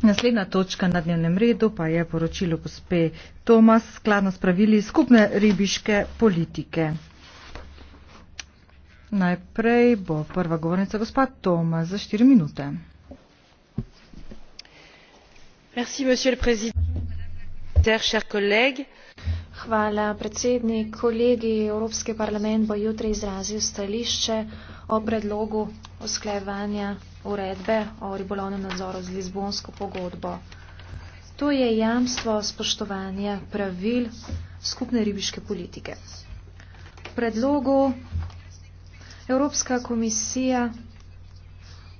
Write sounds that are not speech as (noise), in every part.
Naslednja točka na dnevnem redu pa je poročilo gospe Tomas skladno s pravili skupne ribiške politike. Najprej bo prva govornica gospa Tomas za štiri minute. Merci, Hvala, predsednik, kolegi, Evropski parlament bo jutri izrazil stališče o predlogu usklajevanja uredbe o ribolovnem nadzoru z Lizbonsko pogodbo. To je jamstvo spoštovanja pravil skupne ribiške politike. V predlogu Evropska komisija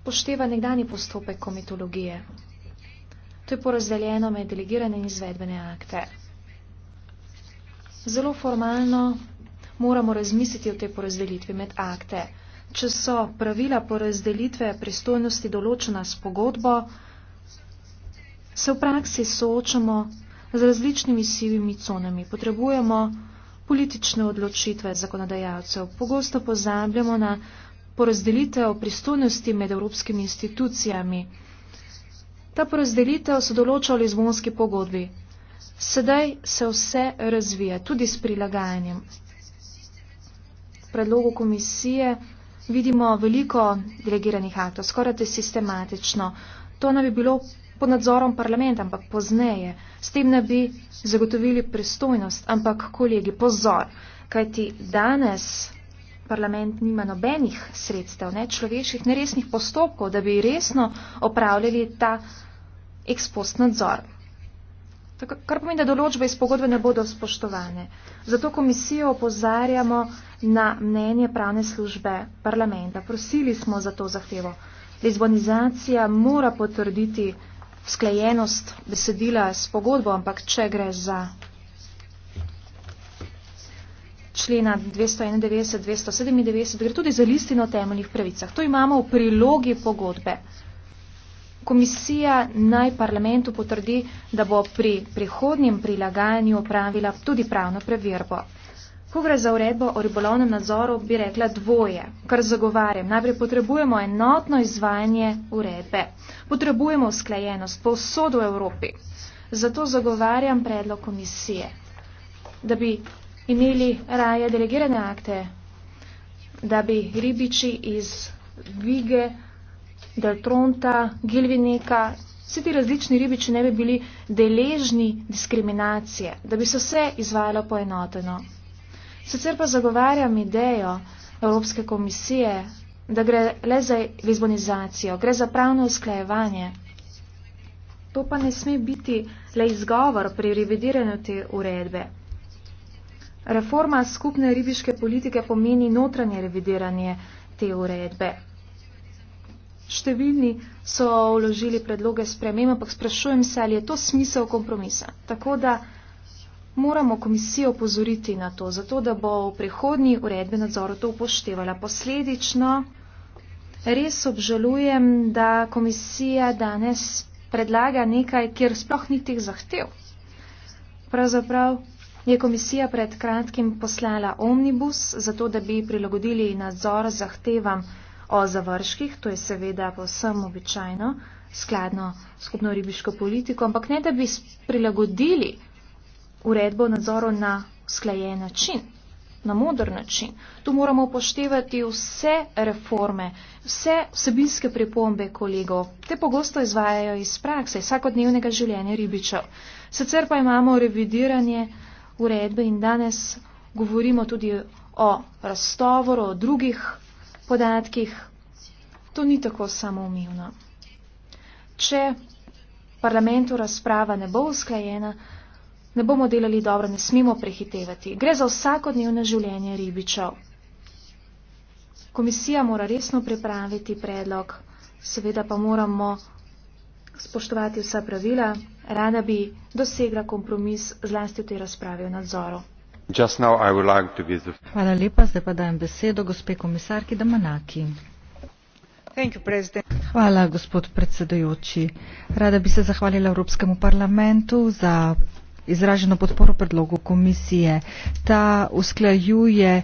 pošteva nekdani postopek komitologije. To je porazdeljeno med delegirane in izvedbene akte. Zelo formalno moramo razmisliti o tej porazdelitvi med akte. Če so pravila porazdelitve pristojnosti določena s pogodbo, se v praksi soočamo z različnimi sivimi conami. Potrebujemo politične odločitve zakonodajalcev. Pogosto pozabljamo na porazdelitev pristojnosti med evropskimi institucijami. Ta porazdelitev so določali z bonski pogodbi. Sedaj se vse razvije, tudi s prilagajanjem. Predlogu komisije vidimo veliko delegiranih aktov, skoraj te sistematično. To ne bi bilo pod nadzorom parlamenta, ampak pozneje. S tem ne bi zagotovili pristojnost, ampak kolegi, pozor, kajti danes parlament nima nobenih sredstev, ne človeških, neresnih postopkov, da bi resno opravljali ta ekspost nadzor. Kar pomeni, da določbe iz pogodbe ne bodo spoštovane. Zato komisijo opozarjamo na mnenje pravne službe parlamenta. Prosili smo za to zahtevo. Lizbonizacija mora potrditi sklejenost besedila s pogodbo, ampak če gre za člena 291, 297, gre tudi za listino o temeljnih pravicah. To imamo v prilogi pogodbe. Komisija naj parlamentu potrdi, da bo pri prihodnjem prilagajanju opravila tudi pravno preverbo. Ko gre za uredbo o ribolovnem nadzoru, bi rekla dvoje, kar zagovarjam. Najprej potrebujemo enotno izvajanje uredbe. Potrebujemo usklajenost povsod v Evropi. Zato zagovarjam predlog komisije, da bi imeli raje delegirane akte, da bi ribiči iz Vige Deltronta, Gilvineka, vsi ti različni ribiči ne bi bili deležni diskriminacije, da bi se vse izvajalo poenoteno. Sicer pa zagovarjam idejo Evropske komisije, da gre le za lizbonizacijo, gre za pravno usklajevanje. To pa ne sme biti le izgovor pri revidiranju te uredbe. Reforma skupne ribiške politike pomeni notranje revidiranje te uredbe številni so vložili predloge spremem, ampak sprašujem se, ali je to smisel kompromisa. Tako da moramo komisijo pozoriti na to, zato da bo v prihodnji uredbe nadzoru to upoštevala. Posledično res obžalujem, da komisija danes predlaga nekaj, kjer sploh ni teh zahtev. Pravzaprav je komisija pred kratkim poslala omnibus, zato da bi prilagodili nadzor zahtevam. O završkih, to je seveda povsem običajno, skladno skupno ribiško politiko, ampak ne, da bi prilagodili uredbo nadzoru na sklajen način, na modr način. Tu moramo upoštevati vse reforme, vse vsebinske pripombe kolegov. Te pogosto izvajajo iz prakse, vsakodnevnega življenja ribičev. Sicer pa imamo revidiranje uredbe in danes govorimo tudi o raztovoru, o drugih podatkih. To ni tako samoumevno. Če parlamentu razprava ne bo usklajena, ne bomo delali dobro, ne smemo prehitevati. Gre za vsakodnevno življenje ribičev. Komisija mora resno pripraviti predlog, seveda pa moramo spoštovati vsa pravila, rada bi dosegla kompromis zlasti v tej razpravi o nadzoru. Hvala lepa, zdaj pa dajem besedo gospe komisarki Damanaki. Hvala, gospod predsedujoči. Rada bi se zahvalila Evropskemu parlamentu za izraženo podporo predlogu komisije. Ta usklajuje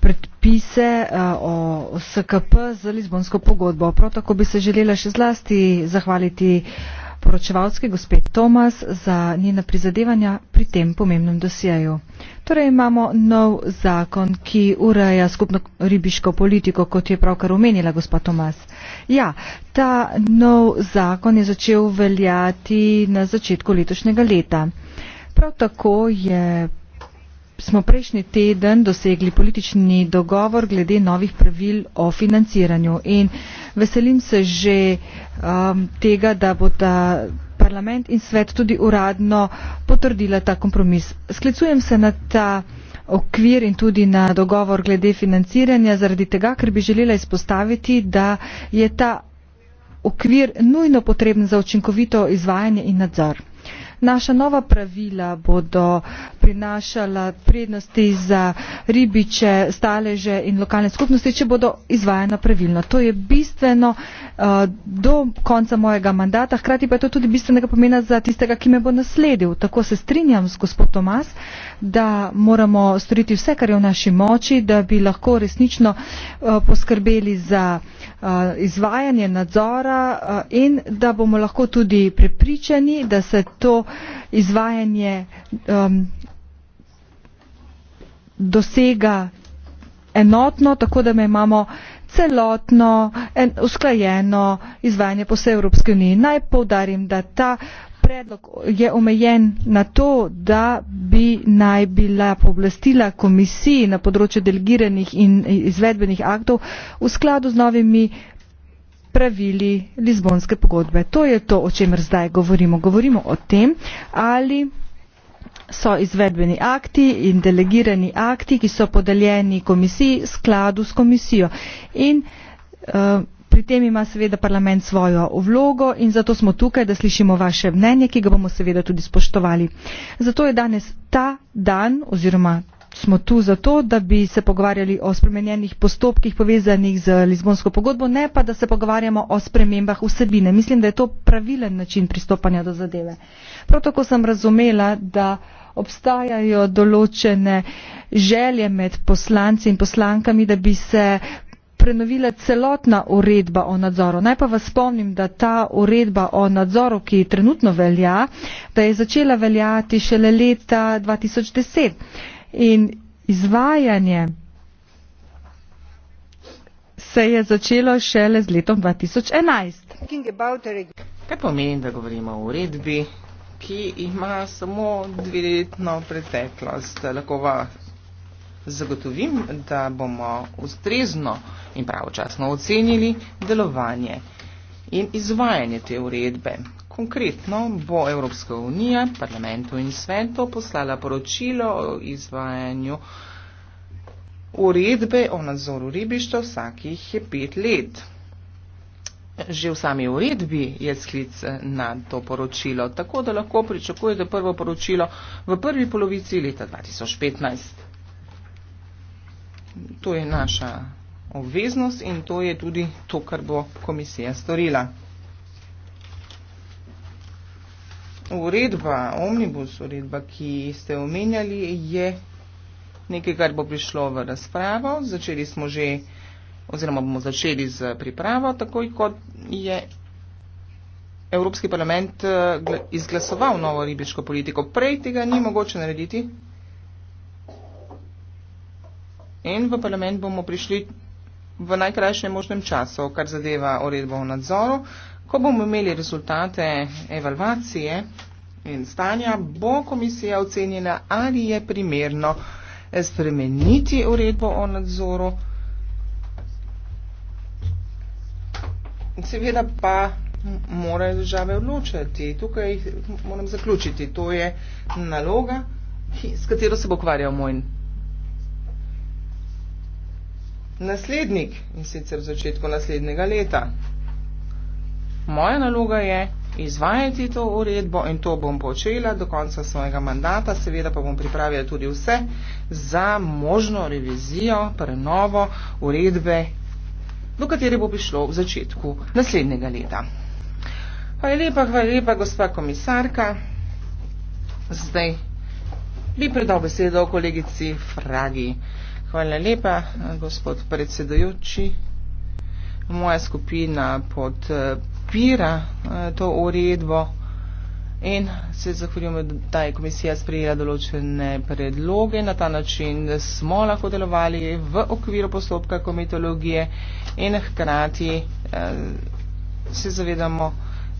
predpise eh, o SKP z Lizbonsko pogodbo. Prav tako bi se želela še zlasti zahvaliti uh, poročevalske gospe Tomas za njena prizadevanja pri tem pomembnem dosjeju. Torej imamo nov zakon, ki ureja skupno ribiško politiko, kot je pravkar omenila gospa Tomas. Ja, ta nov zakon je začel veljati na začetku letošnjega leta. Prav tako je smo prejšnji teden dosegli politični dogovor glede novih pravil o financiranju in veselim se že um, tega, da bo ta parlament in svet tudi uradno potrdila ta kompromis. Sklicujem se na ta okvir in tudi na dogovor glede financiranja zaradi tega, ker bi želela izpostaviti, da je ta okvir nujno potreben za učinkovito izvajanje in nadzor naša nova pravila bodo prinašala prednosti za ribiče staleže in lokalne skupnosti če bodo izvajana pravilno to je bistveno eh, do konca mojega mandata hkrati pa je to tudi bistvenega pomena za tistega ki me bo nasledil tako se strinjam z gospod tomas da moramo storiti vse kar je v naši moči da bi lahko resnično eh, poskrbeli za eh, izvajanje nadzora in da bomo lahko tudi prepričani da se to izvajanje um, dosega enotno, tako da imamo celotno, en, usklajeno izvajanje po vsej Evropske uniji. Naj povdarim, da ta predlog je omejen na to, da bi naj bila pooblastila komisiji na področju delegiranih in izvedbenih aktov v skladu z novimi pravili Lizbonske pogodbe. To je to, o čemer zdaj govorimo. Govorimo o tem, ali so izvedbeni akti in delegirani akti, ki so podeljeni komisiji, skladu s komisijo. In uh, pri tem ima seveda parlament svojo vlogo in zato smo tukaj, da slišimo vaše mnenje, ki ga bomo seveda tudi spoštovali. Zato je danes ta dan oziroma smo tu zato, da bi se pogovarjali o spremenjenih postopkih povezanih z Lizbonsko pogodbo, ne pa da se pogovarjamo o spremembah vsebine. Mislim, da je to pravilen način pristopanja do zadeve. Prav tako sem razumela, da obstajajo določene želje med poslanci in poslankami, da bi se prenovila celotna uredba o nadzoru. Naj pa vas spomnim, da ta uredba o nadzoru, ki trenutno velja, da je začela veljati šele leta 2010. In izvajanje se je začelo šele z letom 2011. Kaj pomeni, da govorimo o uredbi, ki ima samo dveletno preteklost? Lahko vas zagotovim, da bomo ustrezno in pravočasno ocenili delovanje in izvajanje te uredbe. Konkretno bo Evropska unija parlamentu in svetu poslala poročilo o izvajanju uredbe o nadzoru ribištva vsakih pet let. Že v sami uredbi je sklic na to poročilo, tako da lahko pričakujete prvo poročilo v prvi polovici leta 2015. To je naša obveznost in to je tudi to, kar bo komisija storila. Uredba, omnibus uredba, ki ste omenjali, je nekaj, kar bo prišlo v razpravo. Začeli smo že, oziroma bomo začeli z pripravo, takoj kot je Evropski parlament eh, izglasoval novo ribiško politiko. Prej tega ni mogoče narediti. In v parlament bomo prišli v najkrajšem možnem času, kar zadeva uredbo o nadzoru. Ko bomo imeli rezultate evalvacije in stanja, bo komisija ocenjena, ali je primerno spremeniti uredbo o nadzoru. Seveda pa morajo države odločiti. Tukaj moram zaključiti. To je naloga, s katero se bo ukvarjal moj naslednik in sicer v začetku naslednjega leta. Moja naloga je izvajati to uredbo in to bom počela do konca svojega mandata. Seveda pa bom pripravila tudi vse za možno revizijo, prenovo uredbe, do katere bo prišlo v začetku naslednjega leta. Hvala lepa, hvala lepa, gospa komisarka. Zdaj bi predal besedo kolegici Fragi. Hvala lepa, gospod predsedujoči. Moja skupina pod eh, podpira eh, to uredbo in se zahvaljujemo, da je komisija sprejela določene predloge. Na ta način smo lahko delovali v okviru postopka komitologije in hkrati eh, se zavedamo,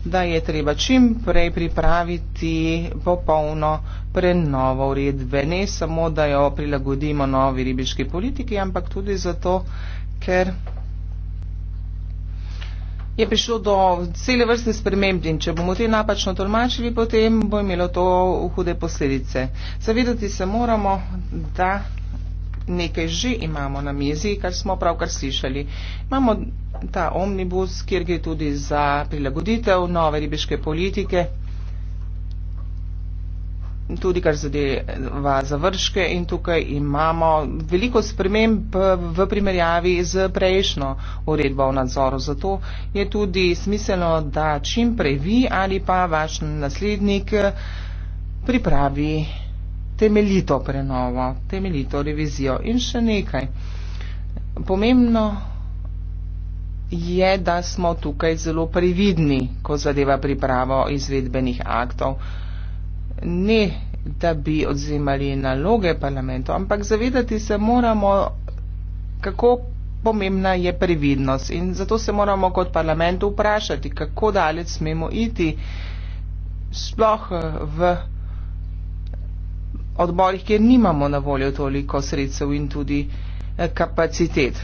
da je treba čim prej pripraviti popolno prenovo uredbe. Ne samo, da jo prilagodimo novi ribiški politiki, ampak tudi zato, ker je prišlo do cele vrste sprememb in če bomo te napačno tolmačili, potem bo imelo to hude posledice. Zavedati se moramo, da nekaj že imamo na mizi, kar smo pravkar slišali. Imamo ta omnibus, kjer gre tudi za prilagoditev nove ribiške politike, tudi kar zadeva završke in tukaj imamo veliko sprememb v primerjavi z prejšnjo uredbo o nadzoru. Zato je tudi smiselno, da čim prej vi ali pa vaš naslednik pripravi temeljito prenovo, temeljito revizijo in še nekaj. Pomembno je, da smo tukaj zelo previdni, ko zadeva pripravo izvedbenih aktov ne, da bi odzimali naloge parlamentu, ampak zavedati se moramo, kako pomembna je previdnost. In zato se moramo kot parlament vprašati, kako daleč smemo iti sploh v odborih, kjer nimamo na voljo toliko sredstev in tudi eh, kapacitet.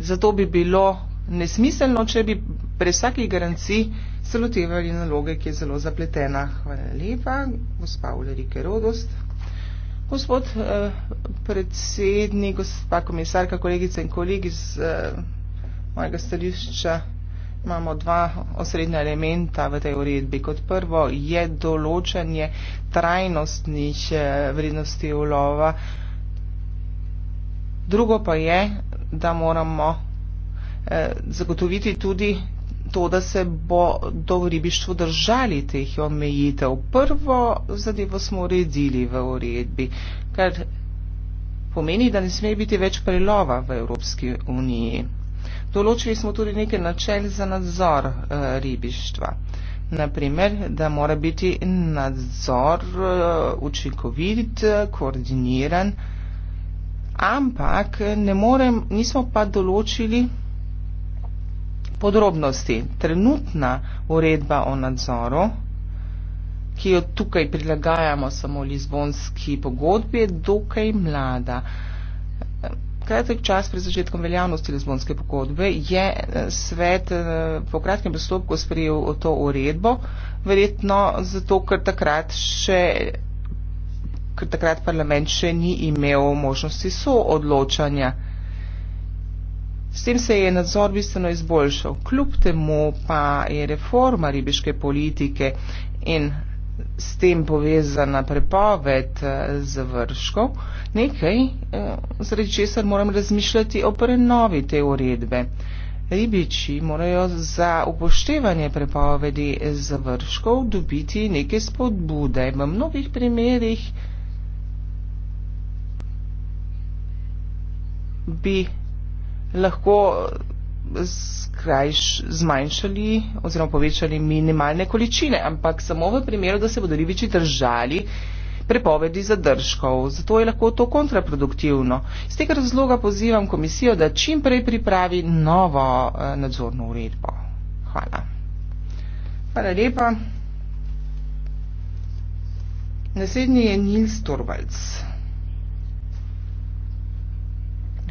Zato bi bilo nesmiselno, če bi pri vsaki garanciji se lotevali naloge, ki je zelo zapletena. Hvala lepa, gospa Ulrike Rodost. Gospod eh, predsednik, gospa komisarka, kolegice in kolegi z eh, mojega stališča. Imamo dva osrednja elementa v tej uredbi. Kot prvo je določanje trajnostnih eh, vrednosti ulova. Drugo pa je, da moramo eh, zagotoviti tudi to, da se bodo v ribištvu držali teh omejitev. Prvo zadevo smo uredili v uredbi, kar pomeni, da ne sme biti več prelova v Evropski uniji. Določili smo tudi neke načel za nadzor eh, ribištva. Naprimer, da mora biti nadzor eh, učinkovit, eh, koordiniran, ampak ne morem, nismo pa določili, Podrobnosti. Trenutna uredba o nadzoru, ki jo tukaj prilagajamo samo Lizbonski pogodbi, je dokaj mlada. Kratek čas pred začetkom veljavnosti Lizbonske pogodbe je eh, svet eh, po kratkem postopku sprejel to uredbo, verjetno zato, ker takrat še. Ker takrat parlament še ni imel možnosti soodločanja. S tem se je nadzor bistveno izboljšal. Kljub temu pa je reforma ribiške politike in s tem povezana prepoved eh, završkov nekaj, eh, zaradi česar moram razmišljati o prenovi te uredbe. Ribiči morajo za upoštevanje prepovedi završkov dobiti neke spodbude. V mnogih primerjih bi lahko skrajš, zmanjšali oziroma povečali minimalne količine, ampak samo v primeru, da se bodo ribiči držali prepovedi zadržkov. Zato je lahko to kontraproduktivno. Z tega razloga pozivam komisijo, da čim prej pripravi novo eh, nadzorno uredbo. Hvala. Hvala lepa. Naslednji je Nils Torvalds.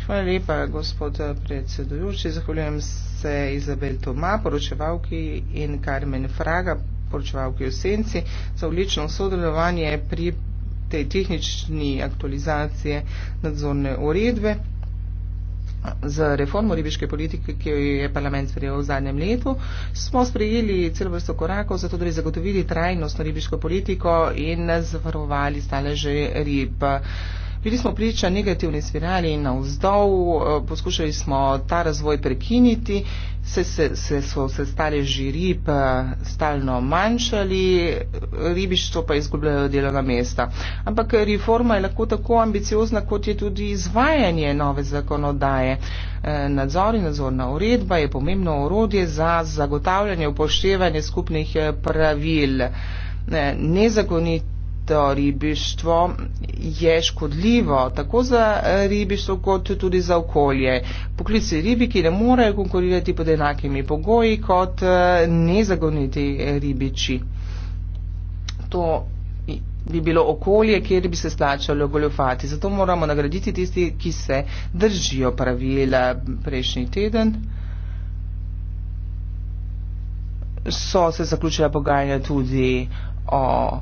Hvala lepa, gospod predsedujoči. Zahvaljujem se Izabel Toma, poročevalki in Carmen Fraga, poročevalki v Senci, za odlično sodelovanje pri tej tehnični aktualizaciji nadzorne uredbe za reformo ribiške politike, ki jo je parlament sprejel v zadnjem letu, smo sprejeli celo vrsto korakov, zato da bi zagotovili trajnostno ribiško politiko in zavarovali stale že ribe. Bili smo priča negativni spirali in navzdol, eh, poskušali smo ta razvoj prekiniti, se, se, se so se stale žiri pa stalno manjšali, ribištvo pa izgubljajo delovna mesta. Ampak reforma je lahko tako ambiciozna, kot je tudi izvajanje nove zakonodaje. Eh, nadzor in nadzorna uredba je pomembno orodje za zagotavljanje upoštevanje skupnih eh, pravil. Nezakonit to ribištvo je škodljivo tako za eh, ribištvo kot tudi za okolje. Poklici ribiki ne morejo konkurirati pod enakimi pogoji kot eh, nezagoniti eh, ribiči. To bi bilo okolje, kjer bi se slačalo goljofati. Zato moramo nagraditi tisti, ki se držijo pravila prejšnji teden. So se zaključila pogajanja tudi o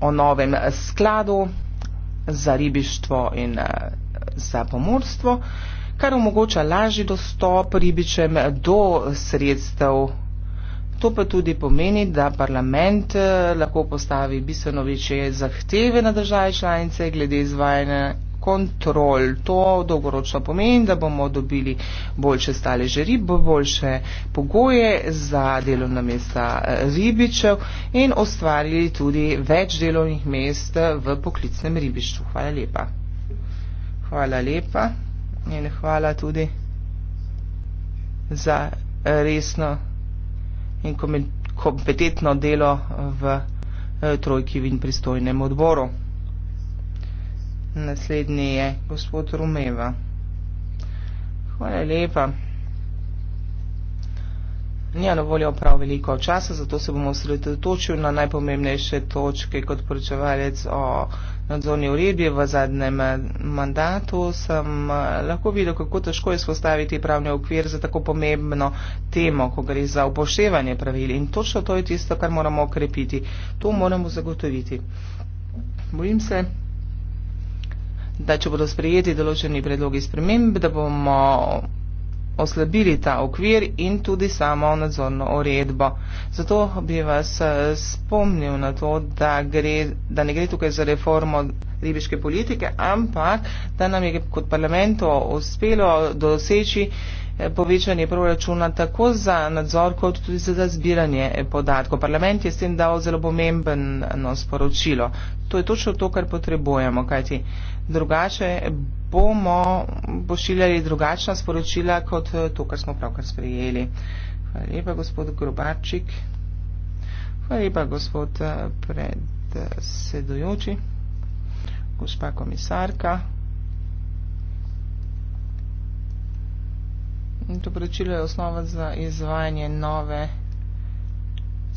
o novem skladu za ribištvo in eh, za pomorstvo, kar omogoča lažji dostop ribičem do sredstev. To pa tudi pomeni, da parlament eh, lahko postavi bistveno večje zahteve na države članice glede izvajanja kontrol. To dolgoročno pomeni, da bomo dobili boljše stale že rib, boljše pogoje za delovna mesta eh, ribičev in ustvarili tudi več delovnih mest v poklicnem ribištvu. Hvala lepa. Hvala lepa in hvala tudi za eh, resno in kompetentno delo v eh, trojki vin pristojnem odboru. Naslednji je gospod Rumeva. Hvala lepa. Nija na voljo prav veliko časa, zato se bomo osredotočili na najpomembnejše točke kot poročevalec o nadzorni uredbi v zadnjem eh, mandatu. Sem eh, lahko videl, kako težko je spostaviti pravni okvir za tako pomembno temo, ko gre za upoštevanje pravil. In točno to je tisto, kar moramo okrepiti. To moramo zagotoviti. Bojim se da če bodo sprejeti določeni predlogi sprememb, da bomo oslabili ta okvir in tudi samo nadzorno uredbo. Zato bi vas eh, spomnil na to, da, gre, da ne gre tukaj za reformo ribiške politike, ampak da nam je kot parlamentu uspelo doseči povečanje proračuna tako za nadzor, kot tudi za zbiranje eh, podatkov. Parlament je s tem dal zelo pomembno sporočilo. To je točno to, kar potrebujemo, kajti drugače bomo pošiljali drugačna sporočila, kot eh, to, kar smo pravkar sprejeli. Hvala lepa, gospod Grobarčik. Hvala lepa, gospod eh, predsedujoči. Gospa komisarka. In to poročilo je osnova za izvajanje nove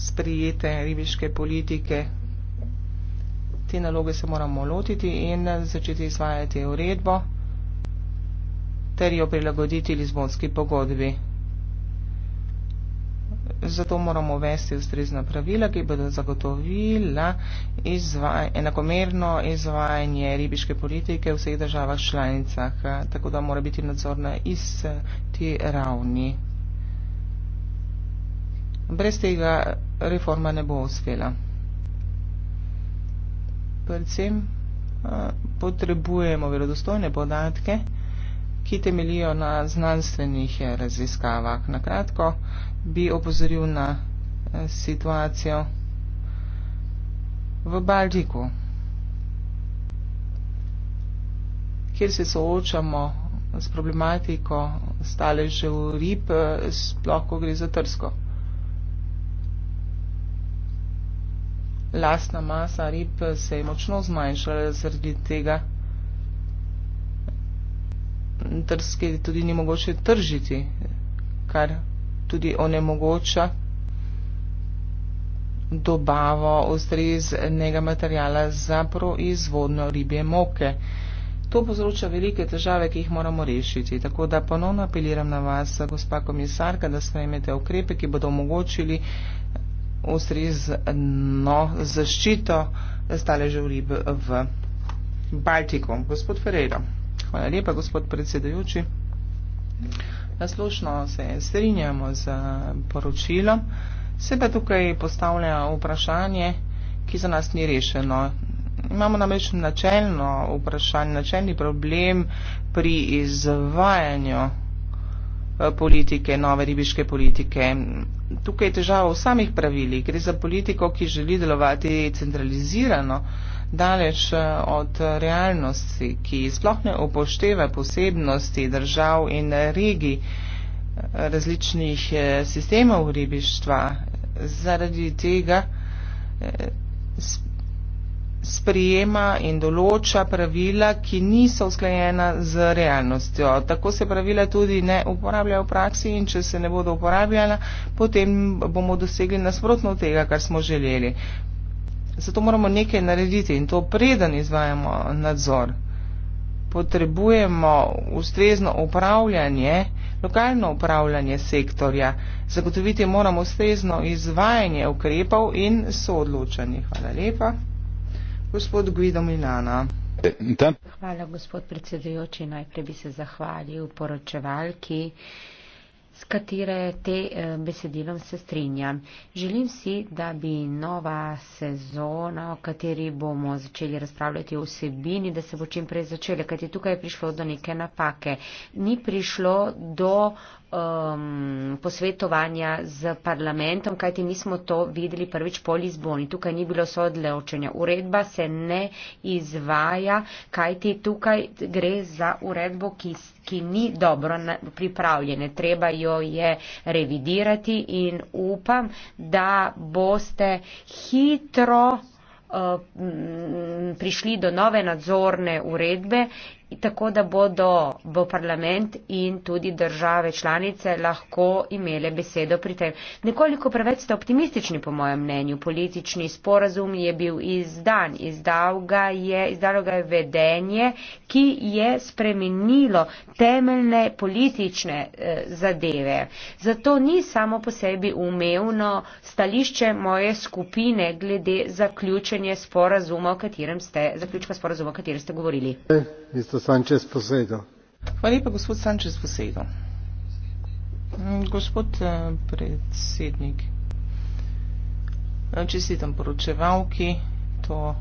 sprijete ribiške politike. Te naloge se moramo lotiti in začeti izvajati uredbo ter jo prilagoditi Lizbonski pogodbi zato moramo uvesti ustrezna pravila, ki bodo zagotovila izvaj, enakomerno izvajanje ribiške politike v vseh državah članicah, tako da mora biti nadzor na isti ravni. Brez tega reforma ne bo uspela. Predvsem eh, potrebujemo verodostojne podatke, ki temelijo na znanstvenih raziskavah. Na kratko bi opozoril na eh, situacijo v Baltiku, kjer se soočamo s problematiko staležev rib, eh, sploh ko gre za trsko. Lastna masa rib eh, se je močno zmanjšala zaradi tega, drske tudi ni mogoče tržiti, kar tudi onemogoča dobavo ustreznega materijala za proizvodno ribje moke. To povzroča velike težave, ki jih moramo rešiti. Tako da ponovno apeliram na vas, gospa komisarka, da sprejmete ukrepe, ki bodo omogočili ustrezno zaščito staležev rib v Baltiku. Gospod Ferreira. Hvala lepa, gospod predsedajoči. Naslušno se strinjamo z poročilom. Se pa tukaj postavlja vprašanje, ki za nas ni rešeno. Imamo namreč načelno vprašanje, načelni problem pri izvajanju eh, politike, nove ribiške politike. Tukaj je težava v samih pravilih. Gre za politiko, ki želi delovati centralizirano daleč eh, od eh, realnosti, ki sploh ne upošteva posebnosti držav in eh, regij različnih sistemov ribištva. Zaradi tega sprijema in določa pravila, ki niso usklajena z realnostjo. Tako se pravila tudi ne uporabljajo v praksi in če se ne bodo uporabljala, potem bomo dosegli nasprotno tega, kar smo želeli zato moramo nekaj narediti in to preden izvajamo nadzor. Potrebujemo ustrezno upravljanje, lokalno upravljanje sektorja, zagotoviti moramo ustrezno izvajanje ukrepov in soodločanje. Hvala lepa. Gospod Guido Milana. Hvala, gospod predsedujoči. Najprej bi se zahvalil poročevalki s katere te eh, besedilom se strinjam. Želim si, da bi nova sezona, o kateri bomo začeli razpravljati o vsebini, da se bo čim prej začela, kajti tukaj je prišlo do neke napake. Ni prišlo do uh, um, posvetovanja z parlamentom, kajti mi smo to videli prvič po Lizboni. Tukaj ni bilo soodločenja. Uredba se ne izvaja, kajti tukaj gre za uredbo, ki, ki ni dobro pripravljena. Treba jo je revidirati in upam, da boste hitro uh, prišli do nove nadzorne uredbe tako da bodo v parlament in tudi države članice lahko imele besedo pri tem. Nekoliko preveč ste optimistični, po mojem mnenju. Politični sporazum je bil izdan. Izdal ga je, izdalo ga je vedenje, ki je spremenilo temeljne politične eh, zadeve. Zato ni samo po sebi umevno stališče moje skupine glede zaključka sporazuma, o katerem ste govorili. E, Gospod eh, predsednik, eh, čestitam poročevalki, to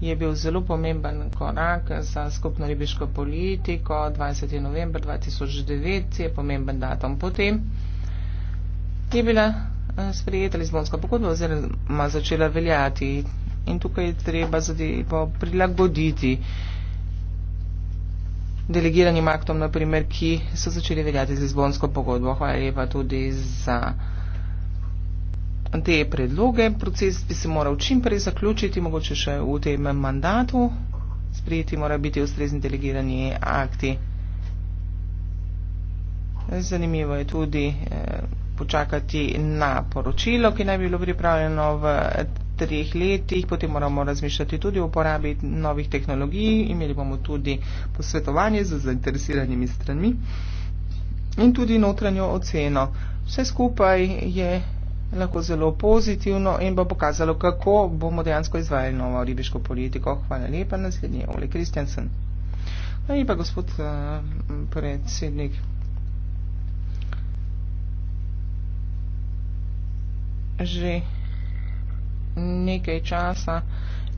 je bil zelo pomemben korak za skupno ribiško politiko, 20. novembr 2009 je pomemben datum potem. Je bila eh, sprejeta Lizbonska pogodba oziroma začela veljati in tukaj je treba zadevo prilagoditi delegiranim aktom, naprimer, ki so začeli veljati z Lizbonsko pogodbo. Hvala lepa tudi za te predloge. Proces bi se moral čim prej zaključiti, mogoče še v tem mandatu. Sprijeti mora biti ustrezni delegirani akti. Zanimivo je tudi eh, počakati na poročilo, ki naj bi bilo pripravljeno v treh letih, potem moramo razmišljati tudi o uporabi novih tehnologij, imeli bomo tudi posvetovanje z zainteresiranimi stranmi in tudi notranjo oceno. Vse skupaj je lahko zelo pozitivno in bo pokazalo, kako bomo dejansko izvajali novo ribiško politiko. Hvala lepa, naslednji je Ole Kristjansen. Hvala lepa, gospod uh, predsednik. Že nekaj časa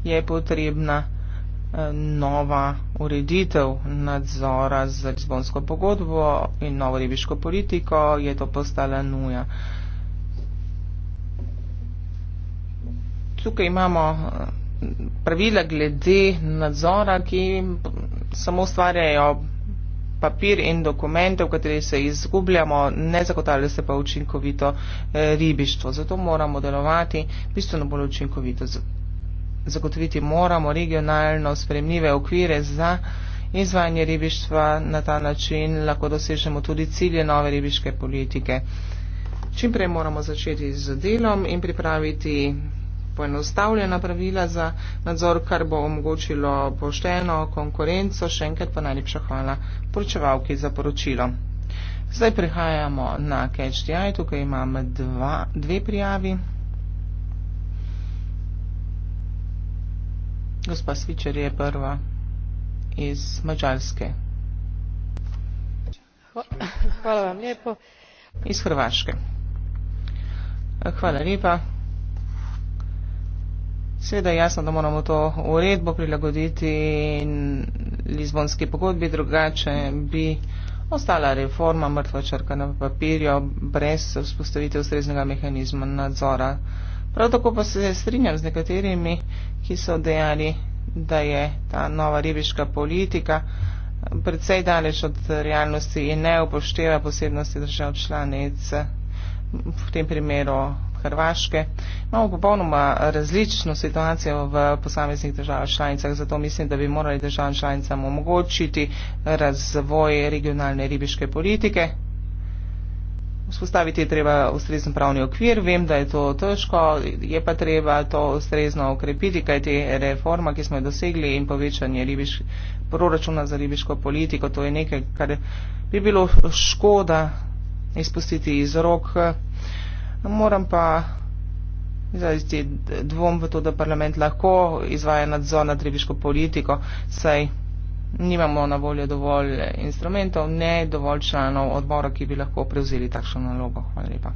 je potrebna eh, nova ureditev nadzora z Lizbonsko pogodbo in novo ribiško politiko, je to postala nuja. Tukaj imamo eh, pravila glede nadzora, ki samo ustvarjajo papir in dokumente, v kateri se izgubljamo, ne zagotavlja se pa učinkovito eh, ribištvo. Zato moramo delovati bistveno bolj učinkovito. Zagotoviti moramo regionalno spremljive okvire za izvajanje ribištva na ta način, lahko dosežemo tudi cilje nove ribiške politike. Čimprej moramo začeti z delom in pripraviti poenostavljena pravila za nadzor, kar bo omogočilo pošteno konkurenco. Še enkrat pa najlepša hvala poročevalki za poročilo. Zdaj prehajamo na CatchDI, tukaj imam dva, dve prijavi. Gospa Svičer je prva iz Mačarske. (laughs) Hvala vam lepo. Iz Hrvaške. Hvala lepa. Seveda je jasno, da moramo to uredbo prilagoditi Lizbonski pogodbi, drugače bi ostala reforma mrtva črka na papirju brez vzpostavitev ustreznega mehanizma nadzora. Prav tako pa se strinjam z nekaterimi, ki so dejali, da je ta nova ribiška politika predvsej daleč od realnosti in ne upošteva posebnosti držav članic, v tem primeru Hrvaške. Imamo popolnoma različno situacijo v posameznih državah članicah, zato mislim, da bi morali državam članicam omogočiti razvoj regionalne ribiške politike. Vzpostaviti je treba ustrezen pravni okvir, vem, da je to težko, je pa treba to ustrezno ukrepiti, kaj te reforma, ki smo jo dosegli in povečanje ribiš, proračuna za ribiško politiko, to je nekaj, kar bi bilo škoda izpustiti iz rok. Uh, No, moram pa izraziti dvom v to, da parlament lahko izvaja nadzor nad ribiško politiko, saj nimamo na voljo dovolj instrumentov, ne dovolj članov odbora, ki bi lahko prevzeli takšno nalogo. Hvala lepa.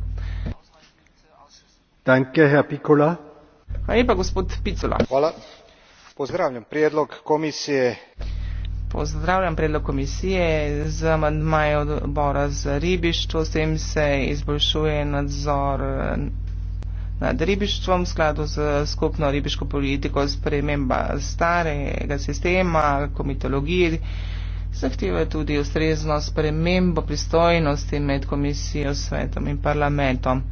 Danke, Herr Pikola. Hvala lepa, gospod Picola. Hvala. Pozdravljam predlog komisije pozdravljam predlog komisije z amandmaje odbora za ribištvo, s tem se izboljšuje nadzor nad ribištvom v skladu z skupno ribiško politiko, sprememba starega sistema, komitologije, zahteva tudi ustrezno spremembo pristojnosti med komisijo, svetom in parlamentom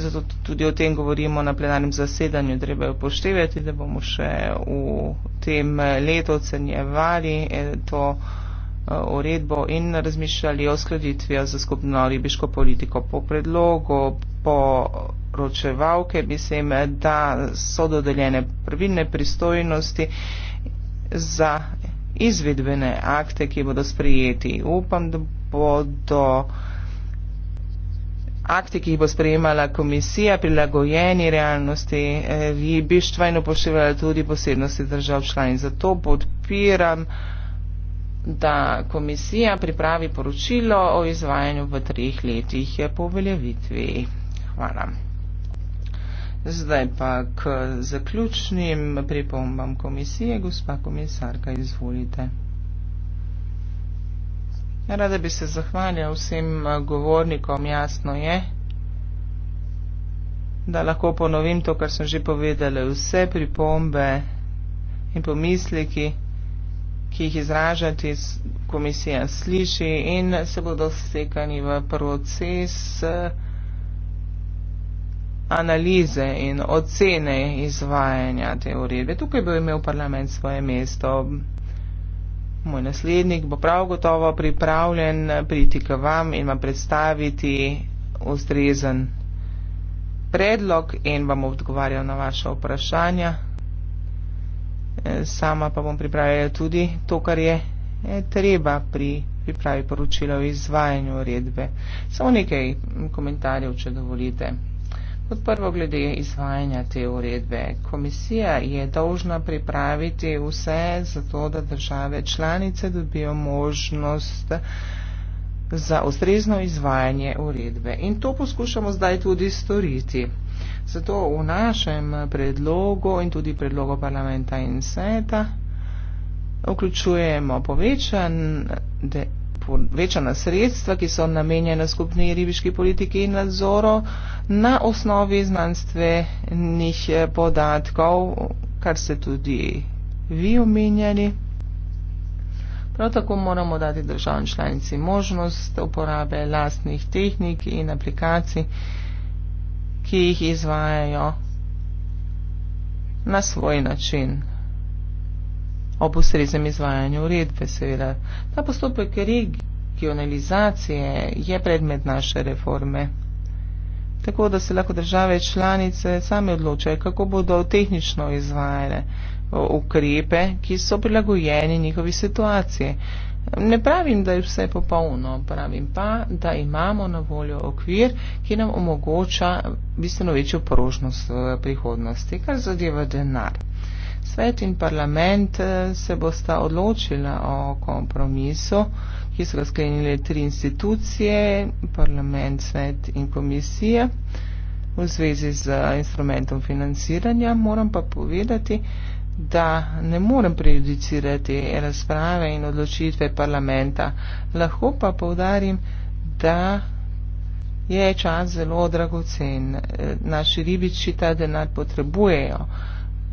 zato tudi o tem govorimo na plenarnem zasedanju. Treba je upoštevati, da bomo še v tem letu ocenjevali eh, to eh, uredbo in razmišljali o skladitvi eh, za skupno ribiško politiko. Po predlogu poročevalke mislim, da so dodeljene pravilne pristojnosti za izvedbene akte, ki bodo sprijeti. Upam, da bodo akti, ki jih bo sprejemala komisija, prilagojeni realnosti, vi eh, bi štva in upoštevali tudi posebnosti držav članic. Zato podpiram, da komisija pripravi poročilo o izvajanju v treh letih po veljavitvi. Hvala. Zdaj pa k zaključnim pripombam komisije, gospa komisarka, izvolite. Rada bi se zahvalila vsem eh, govornikom, jasno je, da lahko ponovim to, kar sem že povedala. Vse pripombe in pomisliki, ki jih izražati, komisija sliši in se bodo stekani v proces eh, analize in ocene izvajanja te uredbe. Tukaj bo imel parlament svoje mesto moj naslednik, bo prav gotovo pripravljen priti k vam in vam predstaviti ustrezen predlog in vam odgovarjal na vaše vprašanja. Sama pa bom pripravila tudi to, kar je eh, treba pri pripravi poročila o izvajanju uredbe. Samo nekaj komentarjev, če dovolite. Kot prvo glede izvajanja te uredbe, komisija je dolžna pripraviti vse za to, da države članice dobijo možnost za ustrezno izvajanje uredbe. In to poskušamo zdaj tudi storiti. Zato v našem predlogu in tudi predlogu parlamenta in sveta vključujemo povečan povečana sredstva, ki so namenjena skupni ribiški politiki in nadzoru na osnovi znanstvenih eh, podatkov, kar ste tudi vi omenjali. Prav tako moramo dati državni članici možnost uporabe lastnih tehnik in aplikacij, ki jih izvajajo na svoj način ob ustreznem izvajanju uredbe, seveda. Ta postopek regionalizacije je predmet naše reforme. Tako da se lahko države članice same odločajo, kako bodo tehnično izvajale ukrepe, ki so prilagojeni njihovi situaciji. Ne pravim, da je vse popolno, pravim pa, da imamo na voljo okvir, ki nam omogoča bistveno večjo prožnost v prihodnosti, kar zadeva denar. Svet in parlament eh, se bosta odločila o kompromisu, ki so ga sklenile tri institucije, parlament, svet in komisija, v zvezi z instrumentom financiranja. Moram pa povedati, da ne morem prejudicirati razprave in odločitve parlamenta. Lahko pa povdarim, da je čas zelo dragocen. Eh, naši ribiči ta denar potrebujejo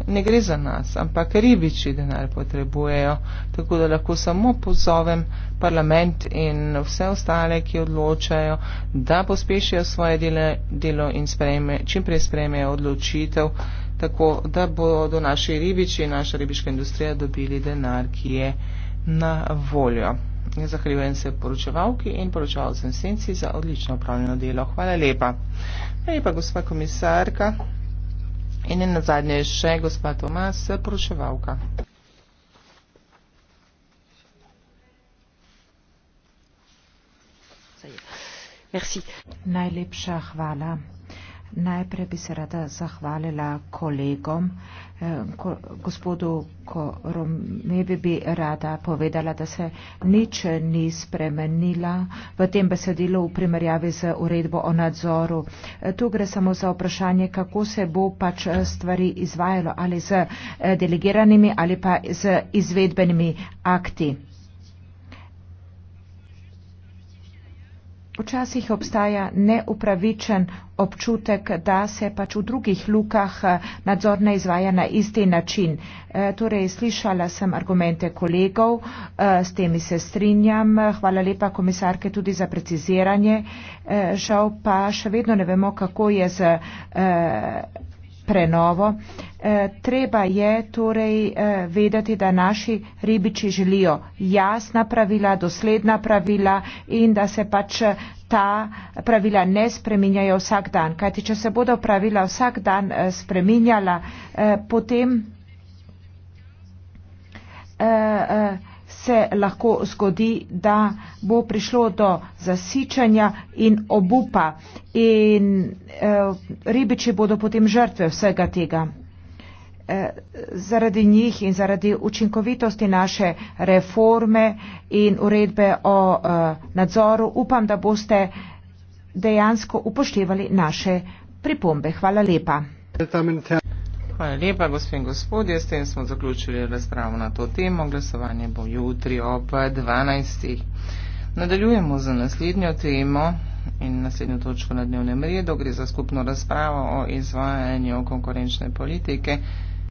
ne gre za nas, ampak ribiči denar potrebujejo, tako da lahko samo pozovem parlament in vse ostale, ki odločajo, da pospešijo svoje dele, delo in sprejme, čim prej sprejmejo odločitev, tako da bodo naši ribiči in naša ribiška industrija dobili denar, ki je na voljo. Zahvaljujem se poročevalki in poročevalcem Senci za odlično upravljeno delo. Hvala lepa. Hvala lepa, gospa komisarka. In ne nazadnje še gospa Tomas, proševalka. Najlepša hvala. Najprej bi se rada zahvalila kolegom. Eh, ko, gospodu Koromevi bi rada povedala, da se nič ni spremenila v tem besedilu v primerjavi z uredbo o nadzoru. Eh, tu gre samo za vprašanje, kako se bo pač eh, stvari izvajalo ali z delegiranimi ali pa z izvedbenimi akti. Včasih obstaja neupravičen občutek, da se pač v drugih lukah eh, nadzor ne izvaja na isti način. E, torej, slišala sem argumente kolegov, e, s temi se strinjam. Hvala lepa komisarke tudi za preciziranje. E, žal pa še vedno ne vemo, kako je z. E, prenovo. Eh, treba je torej eh, vedeti, da naši ribiči želijo jasna pravila, dosledna pravila in da se pač eh, ta pravila ne spreminjajo vsak dan. Kajti, če se bodo pravila vsak dan spreminjala, potem. Uh, uh, se lahko zgodi, da bo prišlo do zasičanja in obupa in eh, ribiči bodo potem žrtve vsega tega. Eh, zaradi njih in zaradi učinkovitosti naše reforme in uredbe o eh, nadzoru upam, da boste dejansko upoštevali naše pripombe. Hvala lepa. Hvala lepa, gospod in gospodje. S tem smo zaključili razpravo na to temo. Glasovanje bo jutri ob 12. Nadaljujemo z naslednjo temo in naslednjo točko na dnevnem redu. Gre za skupno razpravo o izvajanju konkurenčne politike.